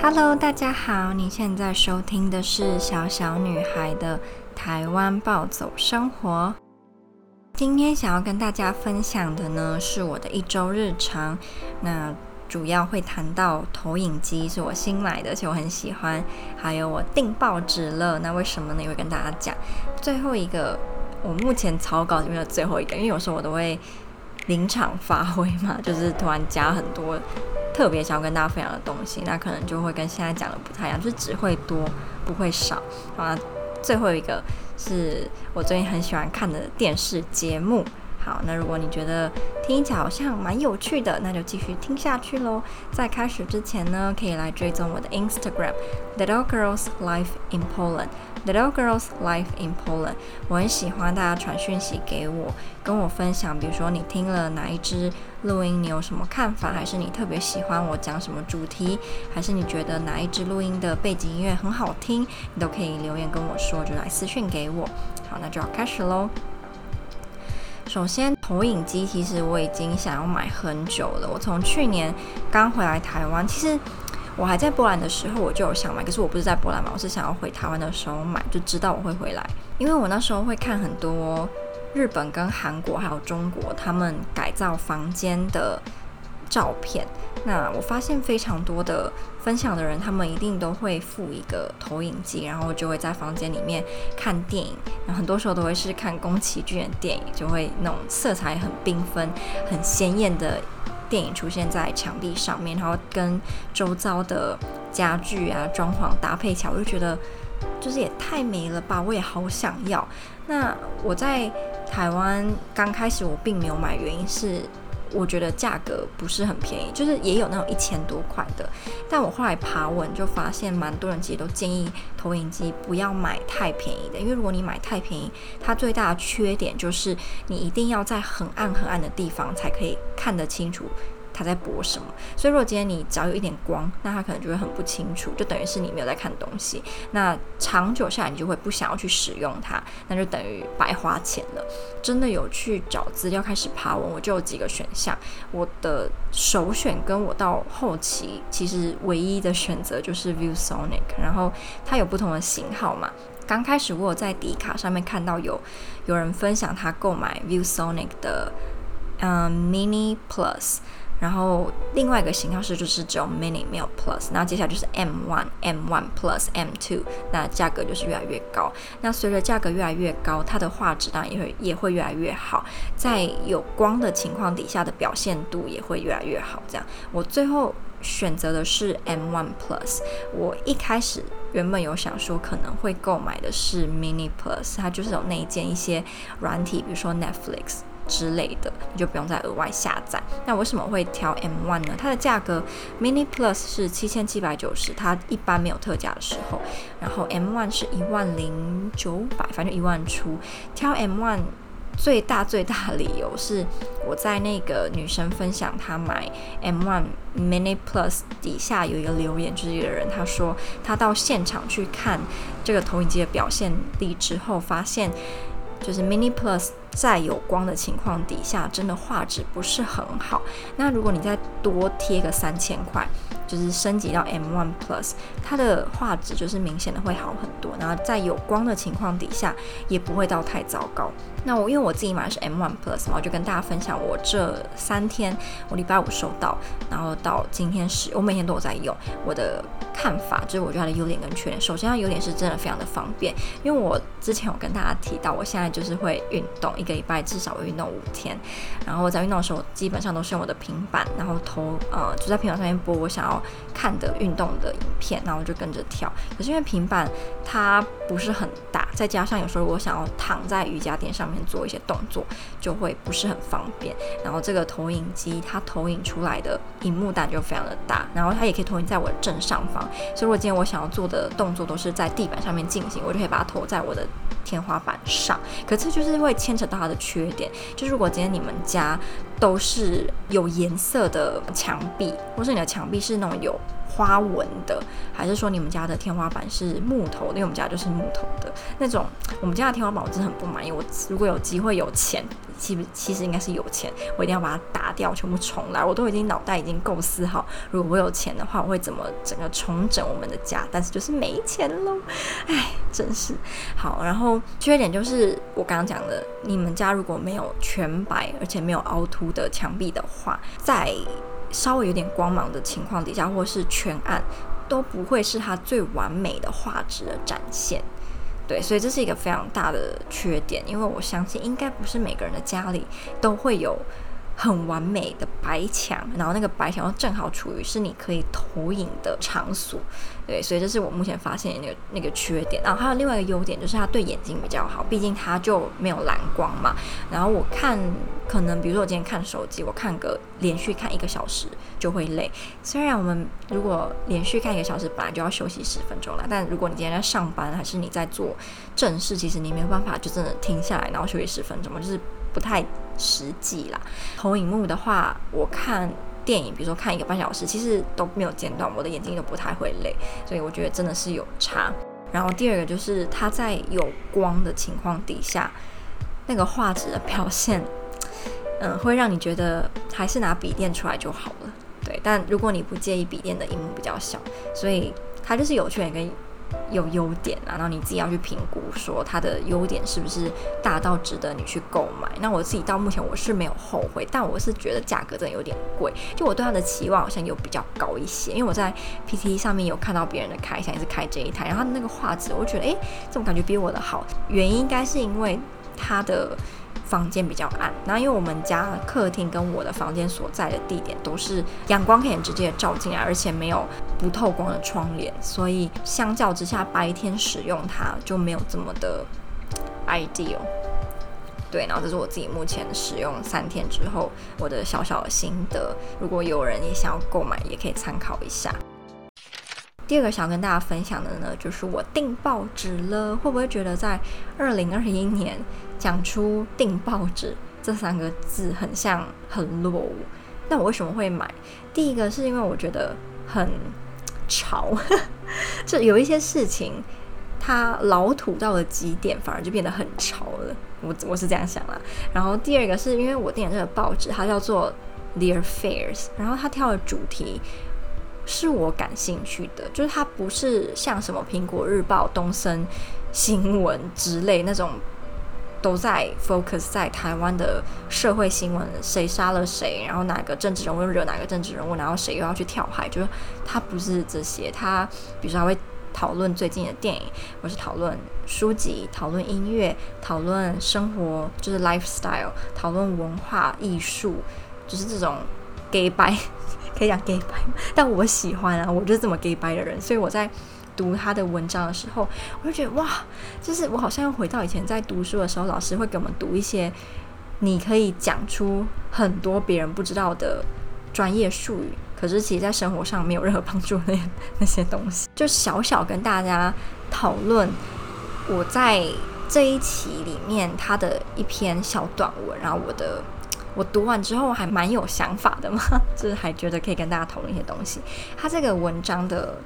Hello，大家好，你現在收聽的是小小女孩的台灣暴走生活。今天想要跟大家分享的呢，是我的一周日常。那主要會談到投影機是我新買的，而且我很喜歡。還有我訂報紙了。那為什麼呢？也會跟大家講。最後一個，我目前草稿裡面的最後一個，因為有時候我都會臨場發揮嘛，就是突然加很多。特別想跟大家分享的東西，那可能就會跟現在講的不太一樣，就是只會多不會少啊。最後一個是我最近很喜歡看的電視節目。好，那如果你覺得聽起來好像蠻有趣的，那就繼續聽下去嘍。在開始之前呢，可以來追蹤我的 Instagram，littlegirlslifeinpoland。Little Girls' Life in Poland，我很喜歡大家傳訊息給我，跟我分享，比如說你聽了哪一支錄音，你有什麼看法，還是你特別喜歡我講什麼主題，還是你覺得哪一支錄音的背景音樂很好聽，你都可以留言跟我說，就來私訊給我。好，那就要開始嘍。首先，投影機其實我已經想要買很久了。我從去年剛回來台灣，其實。我還在波蘭的時候，我就有想買，可是我不是在波蘭嘛，我是想要回台灣的時候買，就知道我會回來，因為我那時候會看很多日本跟韓國還有中國他們改造房間的照片，那我發現非常多的分享的人，他們一定都會附一個投影機，然後就會在房間裡面看電影，然後很多時候都會是看宮崎駿的電影，就會那種色彩很繽紛、很鮮豔的電影出現在牆壁上面，然後跟周遭的家具啊、裝潢搭配起來，我就覺得就是也太美了吧！我也好想要。那我在台灣剛開始我並沒有買，原因是。我覺得價格不是很便宜，就是也有那種一千多塊的，但我後來爬文就發現，蠻多人其實都建議投影機不要買太便宜的，因為如果你買太便宜，它最大的缺點就是你一定要在很暗很暗的地方才可以看得清楚。在播什麼？所以，如果今天你只要有一點光，那它可能就會很不清楚，就等於是你沒有在看東西。那長久下來，你就會不想要去使用它，那就等於白花錢了。真的有去找資料開始爬文，我就有幾個選項。我的首選跟我到後期其實唯一的選擇就是 ViewSonic，然後它有不同的型號嘛。剛開始我有在迪卡上面看到有有人分享他購買 ViewSonic 的嗯、呃、Mini Plus。然後另外一個型號是就是只有 mini 沒有 plus，那接下來就是 M one、M one plus、M two，那價格就是越來越高。那隨着價格越來越高，它的畫質當然也會也會越來越好，在有光的情況底下的表現度也會越來越好。這樣我最後選擇的是 M one plus。我一開始原本有想說可能會購買的是 mini plus，它就是有內建一,一些軟體，比如說 Netflix。之類的，你就不用再額外下載。那為什麼會挑 M1 呢？它的價格，Mini Plus 是七千七百九十，它一般沒有特價的時候。然後 M1 是一萬零九百，反正一萬出。挑 M1 最大最大理由是，我在那個女生分享她買 M1 Mini Plus 底下有一個留言之類的人，就是有人他說他到現場去看這個投影機的表現力之後，發現。就是 Mini Plus 在有光的情況底下，真的畫質不是很好。那如果你再多貼個三千塊，就是升級到 M1 Plus，它的畫質就是明顯的會好很多。然後在有光的情況底下，也不會到太糟糕。那我因為我自己買的是 M1 Plus 嘛，我就跟大家分享我這三天，我禮拜五收到，然後到今天是我每天都有在用我的看法，就是我覺得它的優點跟缺點。首先，它優點是真的非常的方便，因為我之前有跟大家提到，我現在就是會運動，一個禮拜至少會運動五天，然後我在運動的時候，基本上都是用我的平板，然後投呃、嗯、就在平板上面播我想要看的運動的影片，然後就跟着跳。可是因為平板。它不是很大，再加上有時候我想要躺在瑜伽墊上面做一些動作，就會不是很方便。然後這個投影機，它投影出來的熒幕彈就非常的大，然後它也可以投影在我的正上方。所以如果今天我想要做的動作都是在地板上面進行，我就可以把它投在我的。天花板上，可是就是會牽扯到它的缺點，就是如果今天你們家都是有顏色的牆壁，或是你的牆壁是那種有花紋的，還是說你們家的天花板是木頭的？因為我們家就是木頭的那種。我們家的天花板我真的很不滿意。我如果有機會，有錢。其其實應該是有錢，我一定要把它打掉，全部重來。我都已經腦袋已經構思好，如果我有錢的話，我會怎麼整個重整我們的家？但是就是沒錢嘍，唉，真是。好，然後缺點就是我剛剛講的，你們家如果沒有全白，而且沒有凹凸的牆壁的話，在稍微有點光芒的情況底下，或是全暗，都不會是它最完美的畫質的展現。對，所以這是一個非常大的缺點，因為我相信應該不是每個人的家裡都會有。很完美的白牆，然後那個白牆正好處於是你可以投影的場所，對，所以這是我目前發現的那個那個缺點。然後還有另外一個優點，就是它對眼睛比較好，畢竟它就沒有藍光嘛。然後我看，可能比如說我今天看手機，我看個連續看一個小時就會累。雖然我們如果連續看一個小時，本來就要休息十分鐘了，但如果你今天在上班，還是你在做正事，其實你沒有辦法就真的停下來，然後休息十分鐘嘛，就是。不太實際啦。投影幕的話，我看電影，比如說看一個半小時，其實都沒有間斷，我的眼睛都不太會累，所以我覺得真的是有差。然後第二個就是它在有光的情況底下，那個畫質的表現，嗯，會讓你覺得還是拿筆電出來就好了。對，但如果你不介意筆電的熒幕比較小，所以它就是有缺點跟。有優點啊，然後你自己要去評估，說它的優點是不是大到值得你去購買。那我自己到目前我是沒有後悔，但我是覺得價格真的有點貴。就我對它的期望好像又比較高一些，因為我在 PT 上面有看到別人的開箱也是開這一台，然後他的那個畫質，我覺得誒，這種感覺比我的好。原因應該是因為它的。房間比較暗，那因為我們家客廳跟我的房間所在的地點都是陽光可以直接照進來，而且沒有不透光的窗簾，所以相較之下，白天使用它就沒有這麼的 ideal。對，然後這是我自己目前使用三天之後我的小小的心得，如果有人也想要購買，也可以參考一下。第二個想跟大家分享的呢，就是我訂報紙了，會不會覺得在二零二一年，講出訂報紙這三個字很像很落伍，那我為什麼會買？第一個是因為我覺得很潮，呵呵，就有一些事情它老土到了極點，反而就變得很潮了。我我是這樣想啦。然後第二個是因為我訂的這個報紙它叫做《The Affairs》，然後它挑的主題是我感興趣的，就是它不是像什麼《蘋果日報》《東森新聞》之類那種。都在 focus 在台灣的社會新聞，誰殺了誰，然後哪個政治人物惹哪個政治人物，然後誰又要去跳海，就是他不是這些，他比如說還會討論最近的電影，或是討論書籍，討論音樂，討論生活，就是 lifestyle，討論文化藝術，就是這種 gay bye，可以講 gay bye，但我喜歡啊，我就是這麼 gay bye 的人，所以我在。讀他的文章的時候，我就覺得哇，就是我好像又回到以前在讀書的時候，老師會給我們讀一些你可以講出很多別人不知道的專業術語，可是其實，在生活上沒有任何幫助的那些，那些東西。就小小跟大家討論，我在這一期裡面他的一篇小短文，然後我的我讀完之後還蠻有想法的嘛，就是還覺得可以跟大家討論一些東西。他這個文章的。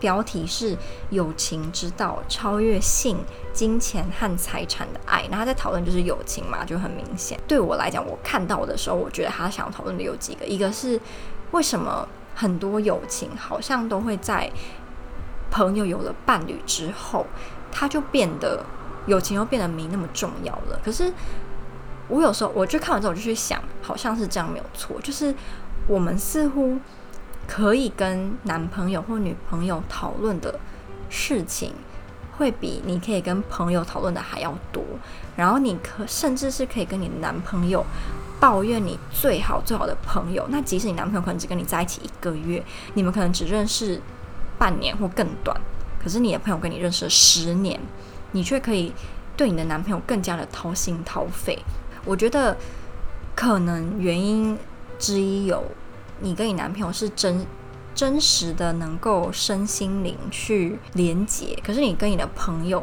標題是“友情之道：超越性、金錢和財產的愛”。那他在討論就是友情嘛，就很明顯。對我來講，我看到的時候，我覺得他想要討論的有幾個，一個是為什麼很多友情好像都會在朋友有了伴侶之後，他就變得友情又變得沒那麼重要了。可是我有時候我就看完之後，我就去想，好像是這樣沒有錯，就是我們似乎。可以跟男朋友或女朋友討論的事情，會比你可以跟朋友討論的還要多。然後你可甚至是可以跟你男朋友抱怨你最好最好的朋友。那即使你男朋友可能只跟你在一起一個月，你們可能只認識半年或更短，可是你的朋友跟你認識了十年，你卻可以對你的男朋友更加的掏心掏肺。我覺得可能原因之一有。你跟你男朋友是真真實的，能夠身心靈去連接。可是你跟你的朋友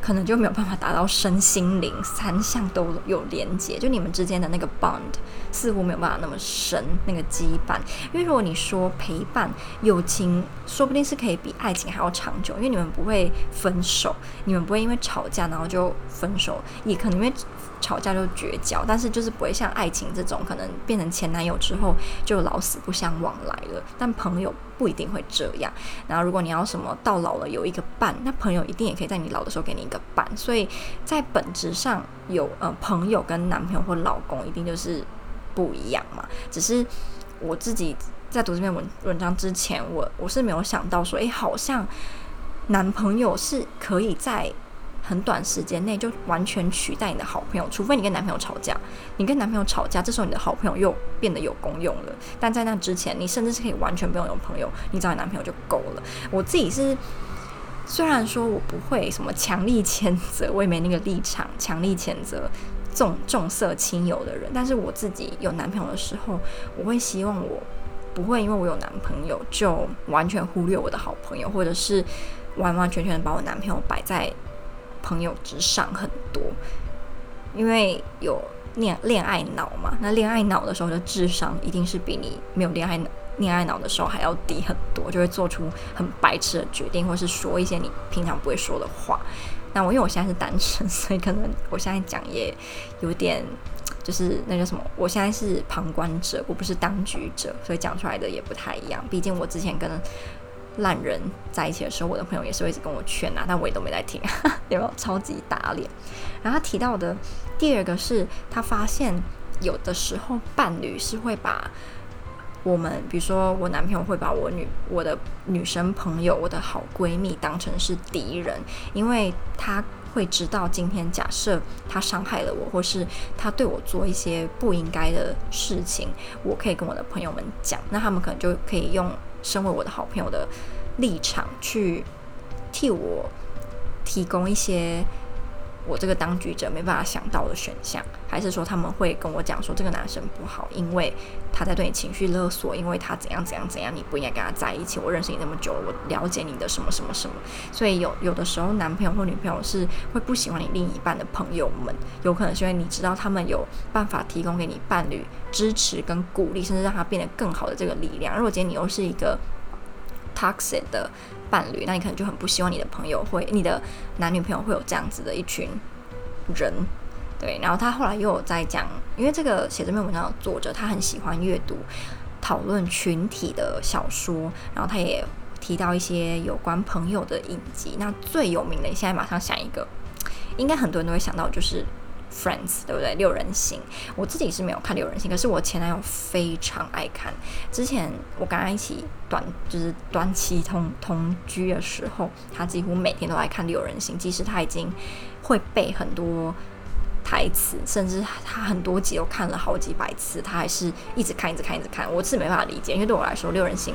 可能就沒有辦法達到身心靈三項都有連接。就你們之間的那個 bond 似乎沒有辦法那麼深，那個羈絆。因為如果你說，陪伴友情，說不定是可以比愛情還要長久，因為你們不會分手，你們不會因為吵架然後就分手，也可能因為。吵架就絕交，但是就是不會像愛情這種，可能變成前男友之後就老死不相往來了。但朋友不一定會這樣。然後如果你要什麼到老了有一個伴，那朋友一定也可以在你老的時候給你一個伴。所以在本質上有呃朋友跟男朋友或老公一定就是不一樣嘛。只是我自己在讀這篇文文章之前，我我是沒有想到說，誒，好像男朋友是可以在。很短時間內就完全取代你的好朋友，除非你跟男朋友吵架。你跟男朋友吵架，這時候你的好朋友又變得有功用了，但在那之前，你甚至是可以完全不用有朋友，你找你男朋友就夠了。我自己是，雖然說我不會什麼強力譴責，我也沒那個立場強力譴責重重色輕友的人，但是我自己有男朋友的時候，我會希望我不會因為我有男朋友就完全忽略我的好朋友，或者是完完全全把我男朋友擺在。朋友之上。很多，因為有戀戀愛腦嘛。那戀愛腦的時候，的智商一定是比你沒有戀愛戀愛腦的時候還要低很多，就會做出很白痴的決定，或是說一些你平常不會說的話。那我因為我現在是單身，所以可能我現在講也有點就是那叫什麼？我現在是旁觀者，我不是當局者，所以講出來的也不太一樣。畢竟我之前跟爛人在一起的時候，我的朋友也是會一直跟我勸吶、啊，但我也都沒在聽，呵呵，你有沒有超級打臉？然後他提到的第二個是，他發現有的時候伴侶是會把我們，比如說我男朋友會把我女我的女生朋友、我的好閨蜜當成是敵人，因為他會知道今天假設他傷害了我，或是他對我做一些不應該的事情，我可以跟我的朋友們講，那他們可能就可以用。身為我的好朋友的立場，去替我提供一些我這個當局者沒辦法想到的選項，還是說他們會跟我講說這個男生不好，因為他在對你情緒勒索，因為他怎樣怎樣怎樣，你不應該跟他在一起。我認識你那麼久了，我了解你的什麼什麼什麼，所以有，有的時候男朋友或女朋友是會不喜歡你另一半的朋友們，有可能是因為你知道他們有辦法提供給你伴侶支持跟鼓勵，甚至讓他變得更好的這個力量。如果今天你又是一個 toxic 的。伴侶，那你可能就很不希望你的朋友會，你的男女朋友會有這樣子的一群人，對。然後他後來又有在講，因為這個寫這篇文章的作者他很喜歡閱讀討論群體的小說，然後他也提到一些有關朋友的影集。那最有名的，你現在馬上想一個，應該很多人都會想到，就是。Friends，對不對？六人行，我自己是沒有看六人行，可是我前男友非常愛看。之前我跟他一起短，就是短期同同居的時候，他幾乎每天都來看六人行。即使他已經會背很多台詞，甚至他很多集都看了好幾百次，他還是一直看，一直看，一直看，一直看。我是沒辦法理解，因為對我來說，六人行。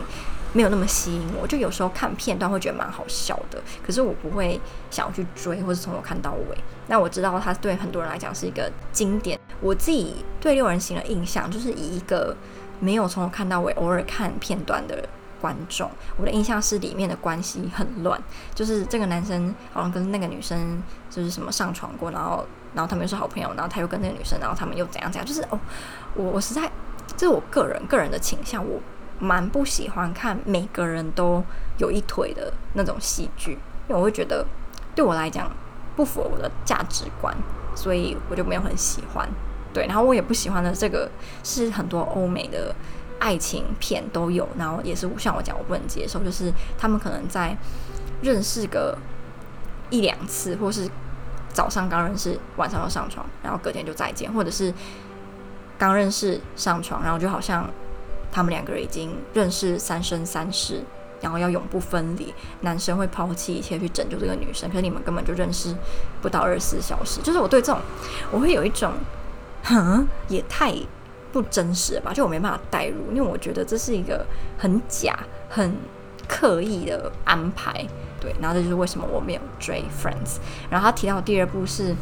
沒有那麼吸引我，就有時候看片段會覺得蠻好笑的，可是我不會想要去追，或是從頭看到尾。那我知道他對很多人來講是一個經典。我自己對六人行的印象，就是以一個沒有從頭看到尾，偶爾看片段的觀眾。我的印象是裡面的關係很亂，就是這個男生好像跟那個女生就是什麼上床過，然後然後他們又是好朋友，然後他又跟那個女生，然後他們又怎樣怎樣，就是哦，我我實在，這是我個人個人的傾向，我。蠻不喜歡看每個人都有一腿的那種戲劇，因為我會覺得對我來講不符合我的價值觀，所以我就沒有很喜歡。對，然後我也不喜歡的這個是很多歐美的愛情片都有，然後也是像我講，我不能接受，就是他們可能在認識個一兩次，或是早上剛認識，晚上就上床，然後隔天就再見，或者是剛認識上床，然後就好像。他們兩個人已經認識三生三世，然後要永不分離。男生會拋棄一切去拯救這個女生，可是你們根本就認識不到二十四小時。就是我對這種，我會有一種，哼，也太不真實了吧？就我沒辦法帶入，因為我覺得這是一個很假、很刻意的安排。對，然後這就是為什麼我沒有追《Friends》。然後他提到的第二部是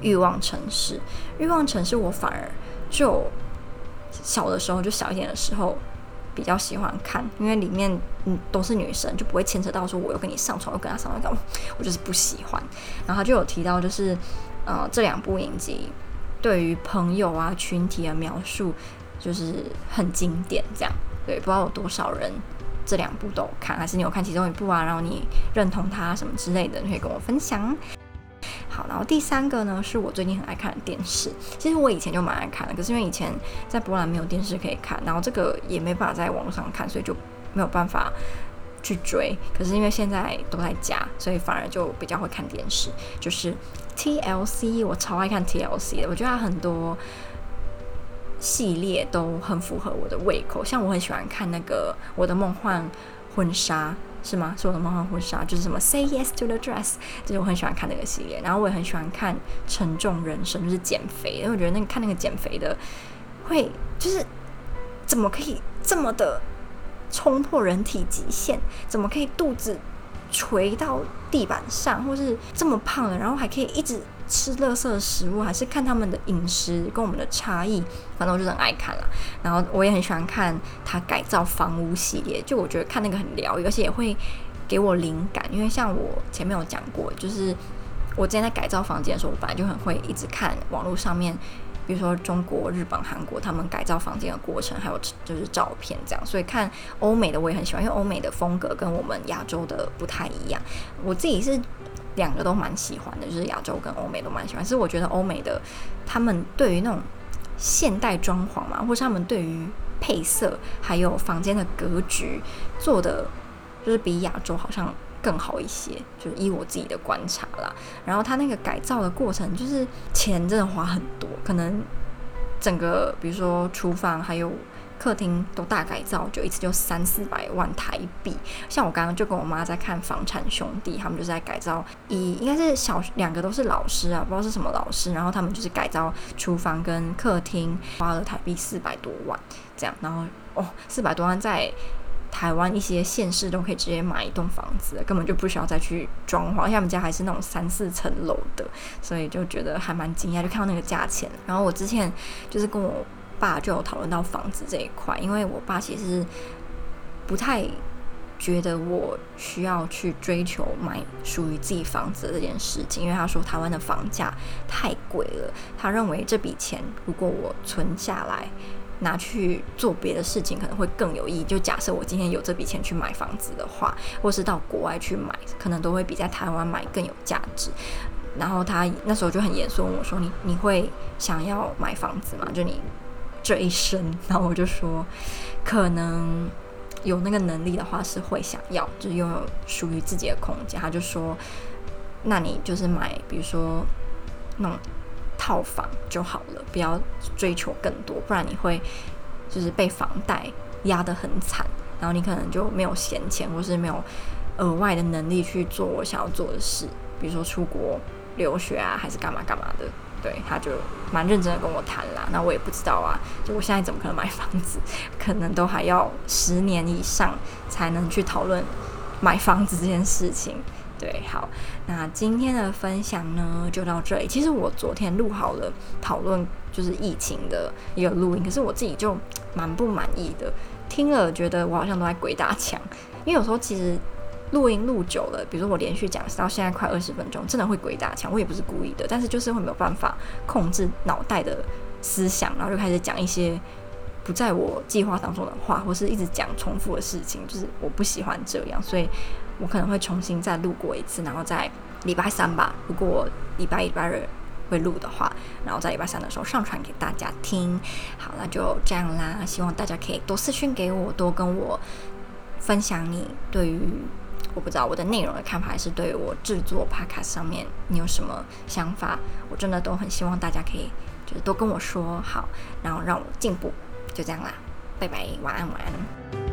慾望城市《慾望城市》，《慾望城市》我反而就。小的時候就小一點的時候比較喜歡看，因為裡面嗯都是女生，就不會牽扯到說我又跟你上床又跟他上床，我就是不喜歡。然後他就有提到就是呃這兩部影集對於朋友啊群體的描述就是很經典這樣。對，不知道有多少人這兩部都看，還是你有看其中一部啊，然後你認同它什麼之類的，你可以跟我分享。好，然後第三個呢，是我最近很愛看的電視。其實我以前就蠻愛看的，可是因為以前在波蘭沒有電視可以看，然後這個也沒辦法在網絡上看，所以就沒有辦法去追。可是因為現在都在家，所以反而就比較會看電視。就是 TLC，我超愛看 TLC 的，我覺得它很多系列都很符合我的胃口，像我很喜歡看那個《我的夢幻婚紗》。是嗎？是我的夢幻婚紗，就是什麼 Say Yes to the Dress，就是我很喜歡看那個系列。然後我也很喜歡看《沉重人生》，就是減肥，因為我覺得那個、看那個減肥的，會就是怎麼可以這麼的衝破人體極限？怎麼可以肚子垂到地板上，或是這麼胖的，然後還可以一直。吃垃圾食物，還是看他們的飲食跟我們的差異，反正我就很愛看了。然後我也很喜歡看他改造房屋系列，就我覺得看那個很療癒，而且也會給我靈感。因為像我前面有講過，就是我之前在改造房間的時候，我本來就很會一直看網絡上面，比如說中國、日本、韓國他們改造房間的過程，還有就是照片這樣。所以看歐美的我也很喜歡，因為歐美的風格跟我們亞洲的不太一樣。我自己是。兩個都蠻喜歡的，就是亞洲跟歐美都蠻喜歡。其實我覺得歐美的他們對於那種現代裝潢嘛，或是他們對於配色還有房間的格局做得，就是比亞洲好像更好一些，就是依我自己的觀察啦。然後他那個改造的過程，就是錢真的花很多，可能整個比如說廚房還有。客廳都大改造，就一次就三四百萬台幣。像我剛剛就跟我媽在看《房產兄弟》，他們就是在改造，一應該是小兩個都是老師啊，不知道是什麼老師，然後他們就是改造廚房跟客廳，花了台幣四百多萬這樣。然後哦，四百多萬在台灣一些縣市都可以直接買一棟房子，根本就不需要再去裝潢。而且他們家還是那種三四層樓的，所以就覺得還蠻驚訝，就看到那個價錢。然後我之前就是跟我。爸就有討論到房子這一塊，因為我爸其實不太覺得我需要去追求買屬於自己房子的這件事情，因為他說台灣的房價太貴了。他認為這筆錢如果我存下來拿去做別的事情，可能會更有意義。就假設我今天有這筆錢去買房子的話，或是到國外去買，可能都會比在台灣買更有價值。然後他那時候就很嚴肅問我說你：“你你會想要買房子嗎？”就你，這一生，然後我就說，可能有那個能力的話是會想要，就是擁有屬於自己的空間。他就說，那你就是買，比如說那種套房就好了，不要追求更多，不然你會就是被房貸壓得很慘，然後你可能就沒有閒錢，或是沒有額外的能力去做我想要做的事，比如說出國留學啊，還是幹嘛幹嘛的。對，他就蠻認真的跟我談啦，那我也不知道啊，就我現在怎麼可能買房子？可能都還要十年以上才能去討論買房子這件事情。對，好，那今天的分享呢，就到這裡。其實我昨天錄好了討論就是疫情的一個錄音，可是我自己就蠻不滿意的，聽了覺得我好像都在鬼打牆，因為有時候其實。錄音錄久了，比如說我連續講到現在快二十分鐘，真的會鬼打牆。我也不是故意的，但是就是會沒有辦法控制腦袋的思想，然後就開始講一些不在我計劃當中的話，或是一直講重複的事情。就是我不喜歡這樣，所以我可能會重新再錄過一次，然後在禮拜三吧，如果禮拜一、禮拜日會錄的話，然後在禮拜三的時候上傳給大家聽。好，那就這樣啦。希望大家可以多私訊給我，多跟我分享你對於。我不知道我的內容的看法，還是對我製作 Podcast 上面，你有什麼想法？我真的都很希望大家可以就是多跟我說好，然後讓我進步。就這樣啦，拜拜，晚安，晚安。